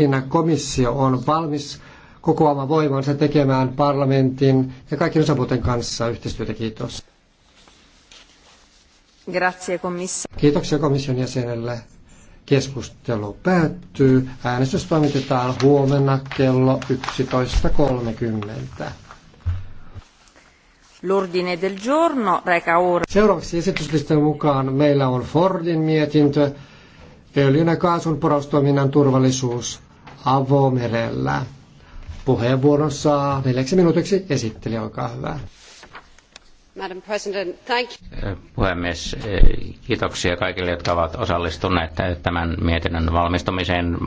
siinä komissio on valmis kokoamaan voimansa tekemään parlamentin ja kaikkien osapuolten kanssa yhteistyötä. Kiitos. Grazie, komissio. Kiitoksia komission jäsenelle. Keskustelu päättyy. Äänestys toimitetaan huomenna kello 11.30. L'ordine del giorno reca ora. Seuraavaksi esityslisten mukaan meillä on Fordin mietintö öljyn ja kaasun poraustoiminnan turvallisuus avomerellä. Puheenvuoron saa neljäksi minuutiksi esittelijä, olkaa hyvä. Madam President, thank you. Eh, puhemies, eh, kiitoksia kaikille, jotka ovat osallistuneet tämän mietinnön valmistumiseen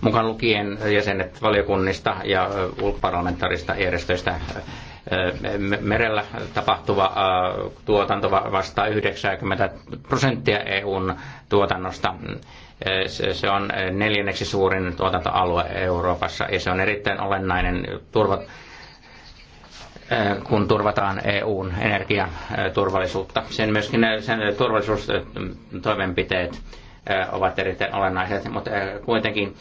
mukaan lukien jäsenet valiokunnista ja eh, ulkoparlamentaarista järjestöistä merellä tapahtuva tuotanto vastaa 90 prosenttia EUn tuotannosta. Se on neljänneksi suurin tuotantoalue Euroopassa ja se on erittäin olennainen turvat, kun turvataan EUn energiaturvallisuutta. Sen myöskin sen turvallisuustoimenpiteet ovat erittäin olennaiset, mutta kuitenkin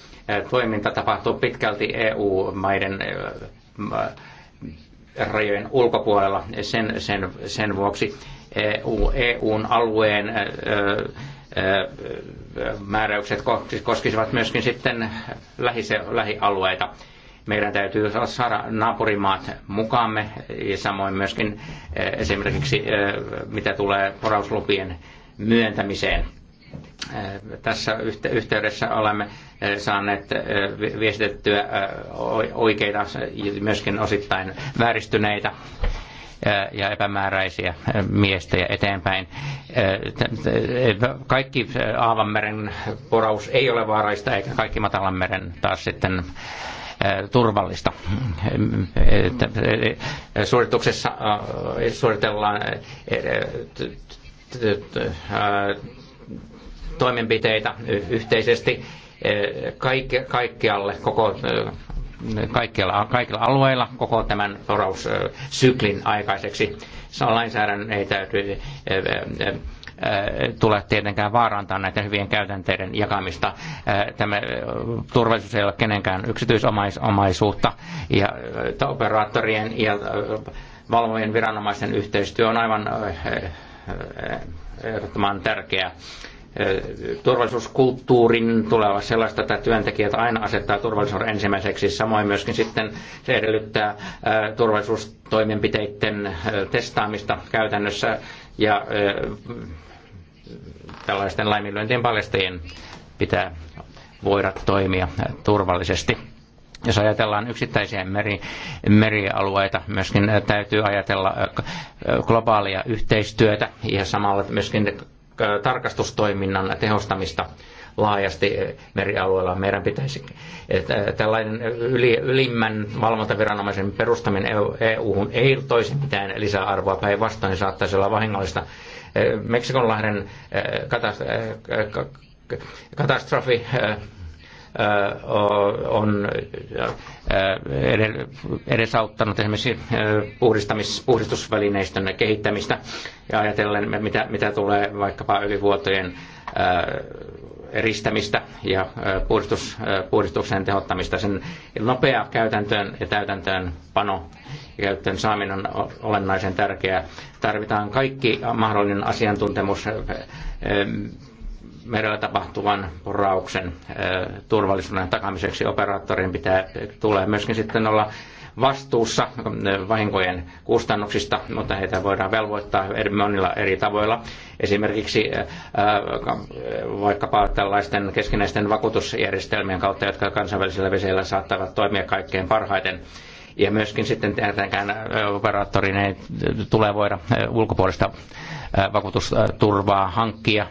toiminta tapahtuu pitkälti EU-maiden rajojen ulkopuolella. Sen, sen, sen vuoksi EU, EUn alueen määräykset koskisivat myöskin sitten lähialueita. Meidän täytyy saada naapurimaat mukaamme ja samoin myöskin esimerkiksi mitä tulee porauslupien myöntämiseen. Tässä yhteydessä olemme saaneet viestitettyä oikeita, myöskin osittain vääristyneitä ja epämääräisiä miestejä eteenpäin. E, kaikki Aavanmeren poraus ei ole vaarallista, eikä kaikki Matalanmeren taas sitten turvallista. Suorituksessa suoritellaan toimenpiteitä yhteisesti kaikkialle koko kaikilla, kaikilla alueilla koko tämän toraussyklin aikaiseksi. Lainsäädännön ei täytyy tule tietenkään vaarantaa näiden hyvien käytänteiden jakamista. Tämä turvallisuus ei ole kenenkään yksityisomaisuutta ja operaattorien ja valvojen viranomaisen yhteistyö on aivan ehdottoman tärkeää turvallisuuskulttuurin tuleva sellaista, että työntekijät aina asettaa turvallisuuden ensimmäiseksi. Samoin myöskin sitten se edellyttää turvallisuustoimenpiteiden testaamista käytännössä ja tällaisten laiminlyöntien paljastajien pitää voida toimia turvallisesti. Jos ajatellaan yksittäisiä meri, merialueita, myöskin täytyy ajatella globaalia yhteistyötä ja samalla myöskin Äh, tarkastustoiminnan tehostamista laajasti merialueella. Meidän pitäisi äh, tällainen yli, ylimmän valvontaviranomaisen perustaminen EU-hun e ei toisi mitään lisäarvoa päinvastoin, niin saattaisi olla vahingollista. Äh, Meksikonlahden katastrofi on edesauttanut esimerkiksi puhdistamis, puhdistusvälineistön kehittämistä ja ajatellen, mitä, mitä tulee vaikkapa öljyvuotojen eristämistä ja puhdistus, puhdistuksen tehottamista. Sen nopea käytäntöön ja täytäntöön pano ja käyttöön saaminen on olennaisen tärkeää. Tarvitaan kaikki mahdollinen asiantuntemus merellä tapahtuvan porauksen turvallisuuden takamiseksi operaattorin pitää, tulee myöskin sitten olla vastuussa vahinkojen kustannuksista, mutta heitä voidaan velvoittaa eri, monilla eri tavoilla. Esimerkiksi vaikkapa tällaisten keskinäisten vakuutusjärjestelmien kautta, jotka kansainvälisillä vesillä saattavat toimia kaikkein parhaiten. Ja myöskin sitten tietenkään operaattorin ei tule voida ulkopuolista vakuutusturvaa hankkia.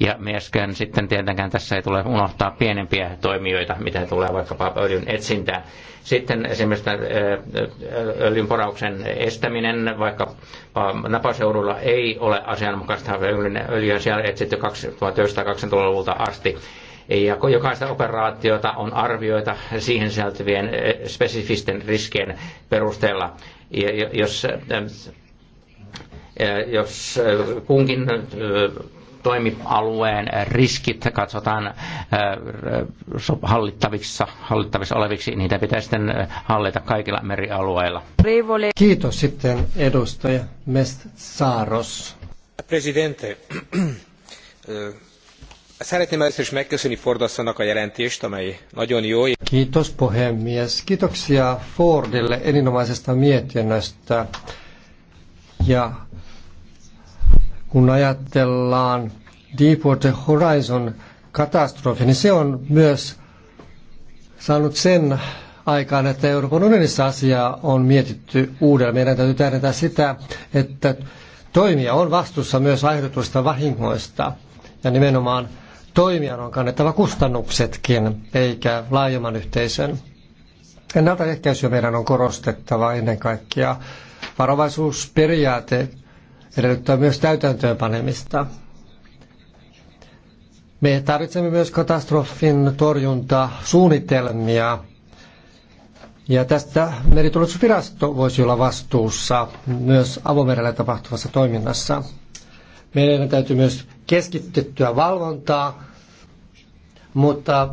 Ja myöskään sitten tietenkään tässä ei tule unohtaa pienempiä toimijoita, mitä tulee vaikkapa öljyn etsintään. Sitten esimerkiksi öljynporauksen estäminen, vaikka napaseudulla ei ole asianmukaista öljyä, siellä etsitty 1920-luvulta asti. Ja jokaista operaatiota on arvioita siihen sisältyvien spesifisten riskien perusteella. Ja jos jos äh, kunkin äh, toimialueen riskit katsotaan äh, hallittavissa, hallittavissa oleviksi, niitä pitää sitten hallita kaikilla merialueilla. Kiitos sitten edustaja Mest Saaros. Presidente, Szeretném először is megköszönni Fordasszonnak a jelentést, amely nagyon jó. Kiitos puhemies. Kiitoksia Fordille erinomaisesta mietinnöstä. Ja kun ajatellaan Deepwater Horizon katastrofi, niin se on myös saanut sen aikaan, että Euroopan unionissa asiaa on mietitty uudelleen. Meidän täytyy tähdentää sitä, että toimija on vastuussa myös aiheutetuista vahingoista ja nimenomaan toimijan on kannettava kustannuksetkin, eikä laajemman yhteisön. Ennaltaehkäisyä meidän on korostettava ennen kaikkea. Varovaisuusperiaate edellyttää myös täytäntöönpanemista. Me tarvitsemme myös katastrofin torjuntasuunnitelmia. Ja tästä meriturvallisuusvirasto voisi olla vastuussa myös avomerellä tapahtuvassa toiminnassa. Meidän täytyy myös keskitettyä valvontaa, mutta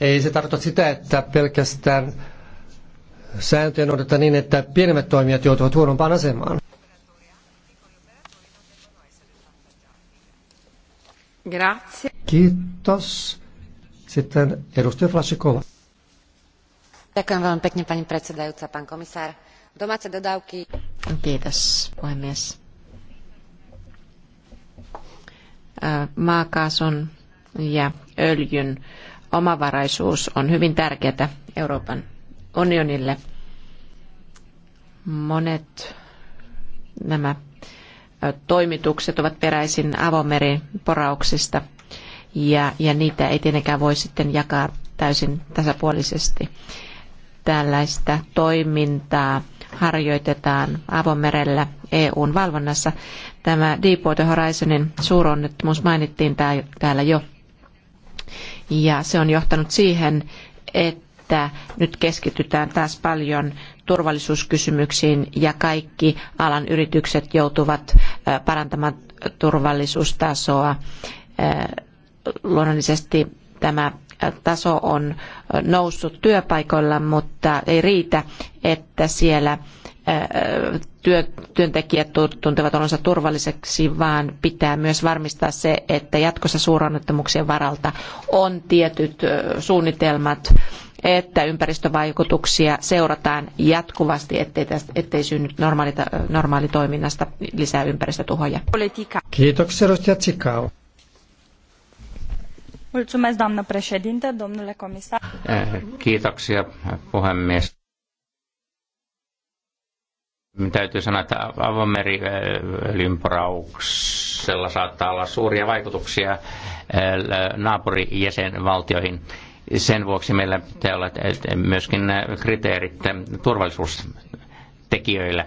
ei se tarkoita sitä, että pelkästään sääntöjen odottaa niin, että pienemmät toimijat joutuvat huonompaan asemaan. Grazie. Kiitos. Sitten edustaja Flasikova. Ďakujem veľmi pekne, pani predsedajúca, pán komisár. Domáce dodávky... Kiitos, puhemies. Maakaasun ja öljyn omavaraisuus on hyvin tärkeää Euroopan unionille. Monet nämä toimitukset ovat peräisin avomerin porauksista ja, ja niitä ei tietenkään voi sitten jakaa täysin tasapuolisesti. Tällaista toimintaa harjoitetaan avomerellä EUn valvonnassa. Tämä Deepwater Horizonin suuronnettomuus mainittiin täällä jo. Ja se on johtanut siihen, että nyt keskitytään taas paljon turvallisuuskysymyksiin ja kaikki alan yritykset joutuvat parantamaan turvallisuustasoa. Luonnollisesti tämä taso on noussut työpaikoilla, mutta ei riitä, että siellä työntekijät tuntevat olonsa turvalliseksi, vaan pitää myös varmistaa se, että jatkossa suuronnettomuuksien varalta on tietyt suunnitelmat että ympäristövaikutuksia seurataan jatkuvasti, ettei, tästä, ettei synny normaali, normaalitoiminnasta lisää ympäristötuhoja. Kiitoksia, edustaja Tsikau. Mulțumesc, doamnă președinte, domnule comisar. Eh, kiitoksia, puhemies täytyy sanoa, että avomeriöljynporauksella eh, saattaa olla suuria vaikutuksia eh, naapurijäsenvaltioihin. Sen vuoksi meillä pitää olla myöskin kriteerit turvallisuustekijöille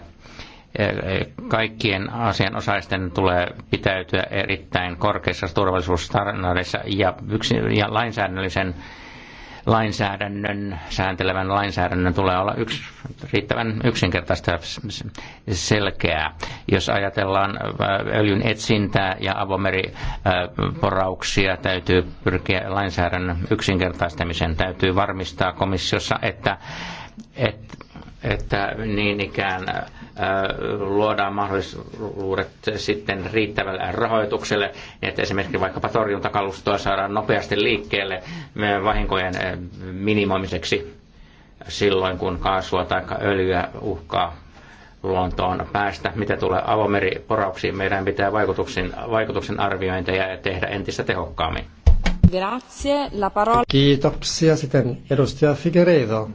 kaikkien asianosaisten tulee pitäytyä erittäin korkeissa turvallisuusstandardeissa ja, yksi, ja lainsäädännöllisen lainsäädännön, sääntelevän lainsäädännön tulee olla yksi, riittävän yksinkertaista ja selkeää. Jos ajatellaan äh, öljyn etsintää ja avomeriporauksia, äh, täytyy pyrkiä lainsäädännön yksinkertaistamiseen. Täytyy varmistaa komissiossa, että, että, että niin ikään äh, luodaan mahdollisuudet sitten riittävälle rahoitukselle, niin että esimerkiksi vaikkapa torjuntakalustoa saadaan nopeasti liikkeelle vahinkojen minimoimiseksi silloin, kun kaasua tai öljyä uhkaa luontoon päästä. Mitä tulee avomeriporauksiin, meidän pitää vaikutuksen, vaikutuksen arviointeja tehdä entistä tehokkaammin. Grazie, la parola. Kiitoksia. Sitten edustaja Figueiredo.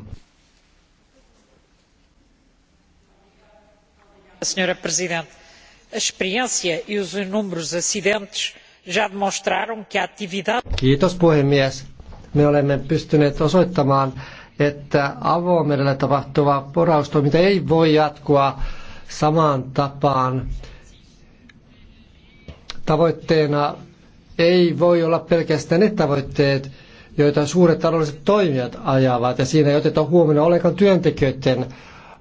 senhora presidente a experiência e os inúmeros acidentes já demonstraram que a atividade... Kiitos puhemies. Me olemme pystyneet osoittamaan, että avomerellä tapahtuva poraustoiminta ei voi jatkua samaan tapaan. Tavoitteena ei voi olla pelkästään ne tavoitteet, joita suuret taloudelliset toimijat ajavat, ja siinä ei oteta huomioon ollenkaan työntekijöiden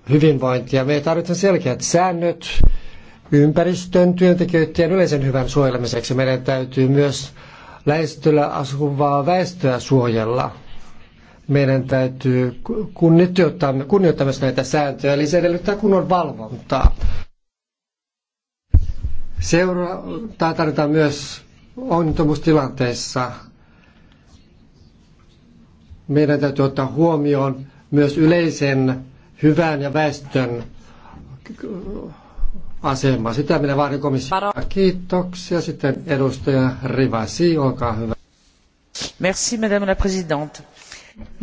hyvinvointia. Me tarvitsemme selkeät säännöt ympäristön, työntekijöiden yleisen hyvän suojelemiseksi. Meidän täytyy myös lähestyllä asuvaa väestöä suojella. Meidän täytyy kunnioittaa, kunnioittaa myös näitä sääntöjä, eli se edellyttää kunnon valvontaa. Seurantaa tarvitaan myös onnettomuustilanteissa. Meidän täytyy ottaa huomioon myös yleisen hyvän ja väestön asemaa. Sitä minä vaadin komissio. Kiitoksia. Sitten edustaja Rivasi, olkaa hyvä. Merci, madame la présidente.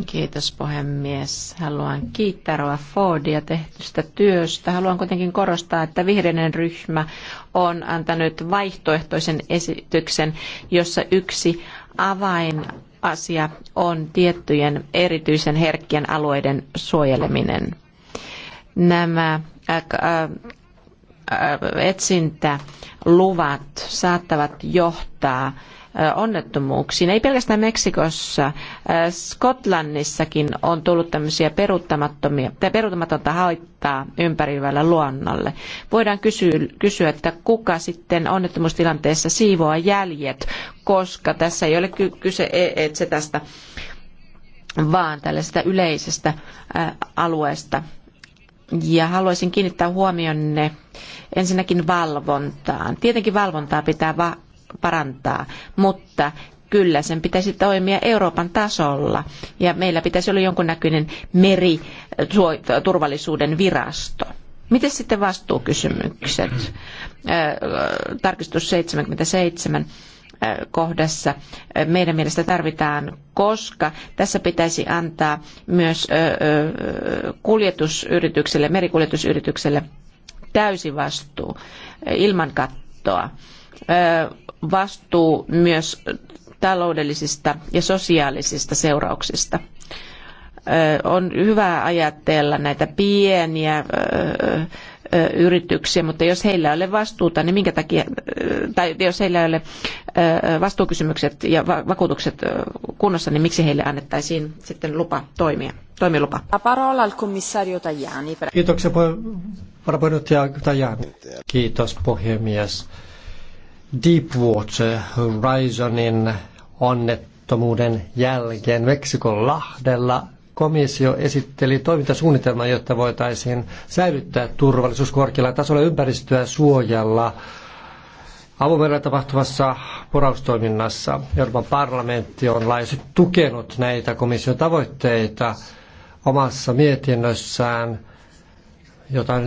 Kiitos puhemies. Haluan kiittää Rova Fordia tehtystä työstä. Haluan kuitenkin korostaa, että vihreinen ryhmä on antanut vaihtoehtoisen esityksen, jossa yksi avainasia on tiettyjen erityisen herkkien alueiden suojeleminen nämä äh, äh, äh, etsintäluvat saattavat johtaa onnettomuuksiin. Ei pelkästään Meksikossa, Skotlannissakin on tullut tämmöisiä peruuttamattomia, peruuttamatonta haittaa ympäröivälle luonnolle. Voidaan kysyä, että kuka sitten onnettomuustilanteessa siivoaa jäljet, koska tässä ei ole kyse e, etsetästä, vaan tällaisesta yleisestä alueesta ja haluaisin kiinnittää huomionne ensinnäkin valvontaan. Tietenkin valvontaa pitää parantaa, mutta kyllä sen pitäisi toimia Euroopan tasolla ja meillä pitäisi olla jonkunnäköinen meriturvallisuuden eh, virasto. Miten sitten vastuukysymykset? Eh, tarkistus 77 kohdassa meidän mielestä tarvitaan, koska tässä pitäisi antaa myös kuljetusyritykselle, merikuljetusyritykselle täysi vastuu ilman kattoa. Vastuu myös taloudellisista ja sosiaalisista seurauksista. On hyvä ajatella näitä pieniä yrityksiä, mutta jos heillä ei ole vastuuta, niin minkä takia, tai jos heillä ei ole vastuukysymykset ja vakuutukset kunnossa, niin miksi heille annettaisiin sitten lupa toimia, toimilupa? Parola al commissario Tajani. Kiitoksia varapuheenjohtaja Tajani. Kiitos puhemies. Deepwater Horizonin onnettomuuden jälkeen Meksikon lahdella komissio esitteli toimintasuunnitelman, jotta voitaisiin säilyttää turvallisuus korkealla tasolla ympäristöä suojella avomerellä tapahtuvassa poraustoiminnassa. Euroopan parlamentti on laajasti tukenut näitä komission tavoitteita omassa mietinnössään, jota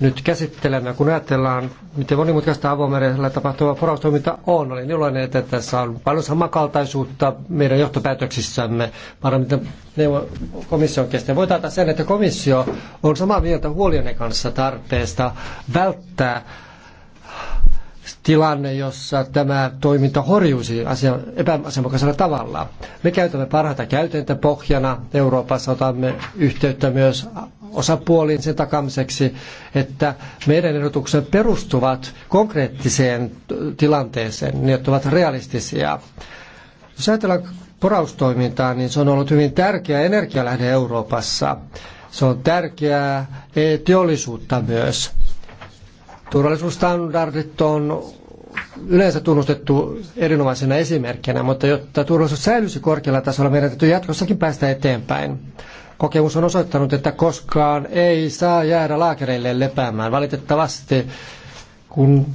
nyt käsittelemme, kun ajatellaan, miten monimutkaista avomerellä tapahtuva poraustoiminta on. Olen iloinen, että tässä on paljon samankaltaisuutta meidän johtopäätöksissämme, parlamentin komission kesken. Voi taata sen, että komissio on samaa mieltä huolien kanssa tarpeesta välttää tilanne, jossa tämä toiminta horjuisi asia, epäasianmukaisella tavalla. Me käytämme parhaita käytäntä pohjana Euroopassa, otamme yhteyttä myös osapuoliin sen takamiseksi, että meidän ehdotukset perustuvat konkreettiseen tilanteeseen, ne ovat realistisia. Jos ajatellaan poraustoimintaa, niin se on ollut hyvin tärkeä energialähde Euroopassa. Se on tärkeää teollisuutta myös. Turvallisuusstandardit on yleensä tunnustettu erinomaisena esimerkkinä, mutta jotta turvallisuus säilyisi korkealla tasolla, meidän täytyy jatkossakin päästä eteenpäin. Kokemus on osoittanut, että koskaan ei saa jäädä laakereille lepäämään. Valitettavasti, kun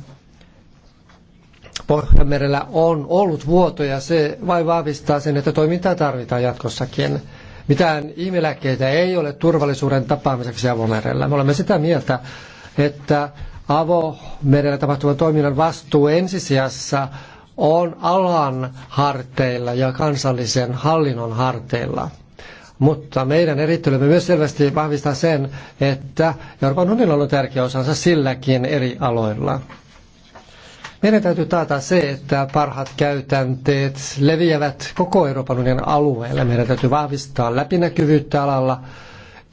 Pohjanmerellä on ollut vuotoja, se vain vahvistaa sen, että toimintaa tarvitaan jatkossakin. Mitään ihmeläkkeitä ei ole turvallisuuden tapaamiseksi avomerellä. Me olemme sitä mieltä, että avomerellä tapahtuvan toiminnan vastuu ensisijassa on alan harteilla ja kansallisen hallinnon harteilla. Mutta meidän erittelymme myös selvästi vahvistaa sen, että Euroopan unionilla on tärkeä osansa silläkin eri aloilla. Meidän täytyy taata se, että parhaat käytänteet leviävät koko Euroopan unionin alueelle. Meidän täytyy vahvistaa läpinäkyvyyttä alalla,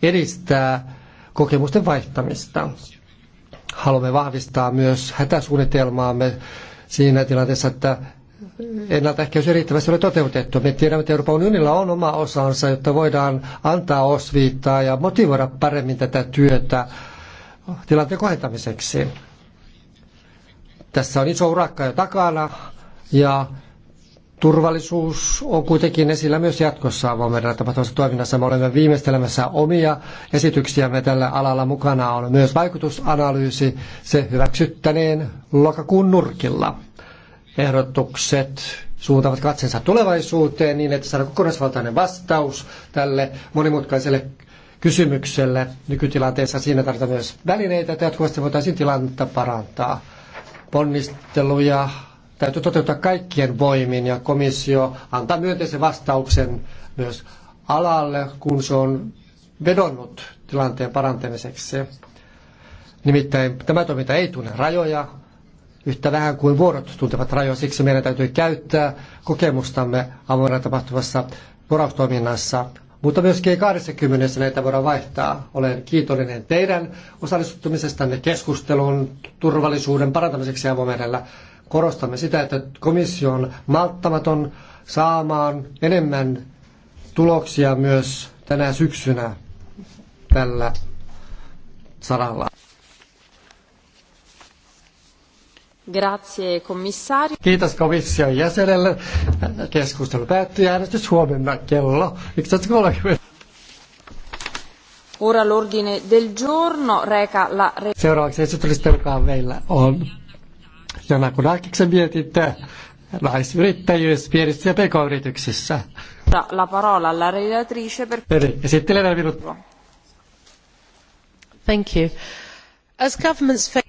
edistää kokemusten vaihtamista. Haluamme vahvistaa myös hätäsuunnitelmaamme siinä tilanteessa, että ennaltaehkäisy riittävästi ole toteutettu. Me tiedämme, että Euroopan unionilla on oma osansa, jotta voidaan antaa osviittaa ja motivoida paremmin tätä työtä tilanteen kohentamiseksi. Tässä on iso urakka jo takana ja Turvallisuus on kuitenkin esillä myös jatkossa avoimen tapahtuvassa toiminnassa. Me olemme viimeistelemässä omia esityksiämme tällä alalla. Mukana on myös vaikutusanalyysi, se hyväksyttäneen lokakuun nurkilla. Ehdotukset suuntaavat katsensa tulevaisuuteen niin, että saadaan kokonaisvaltainen vastaus tälle monimutkaiselle kysymykselle nykytilanteessa. Siinä tarvitaan myös välineitä, että jatkuvasti voitaisiin tilannetta parantaa. Ponnisteluja täytyy toteuttaa kaikkien voimin ja komissio antaa myönteisen vastauksen myös alalle, kun se on vedonnut tilanteen parantamiseksi. Nimittäin tämä toiminta ei tunne rajoja, yhtä vähän kuin vuorot tuntevat rajoja. Siksi meidän täytyy käyttää kokemustamme avoimena tapahtuvassa voraustoiminnassa. Mutta myös G20 näitä voidaan vaihtaa. Olen kiitollinen teidän osallistumisestanne keskustelun turvallisuuden parantamiseksi avomerellä korostamme sitä, että komissio on malttamaton saamaan enemmän tuloksia myös tänä syksynä tällä saralla. Grazie, Commissario. Kiitos komission jäsenelle. Keskustelu päättyy äänestys huomenna kello 11.30. Ora l'ordine del giorno reca la... Seuraavaksi esityslistan meillä on Janakudakiksen mietintä naisyrittäjyys pienissä ja pk-yrityksissä. La parola alla relatrice per... Eli esittelee Thank you. As governments face...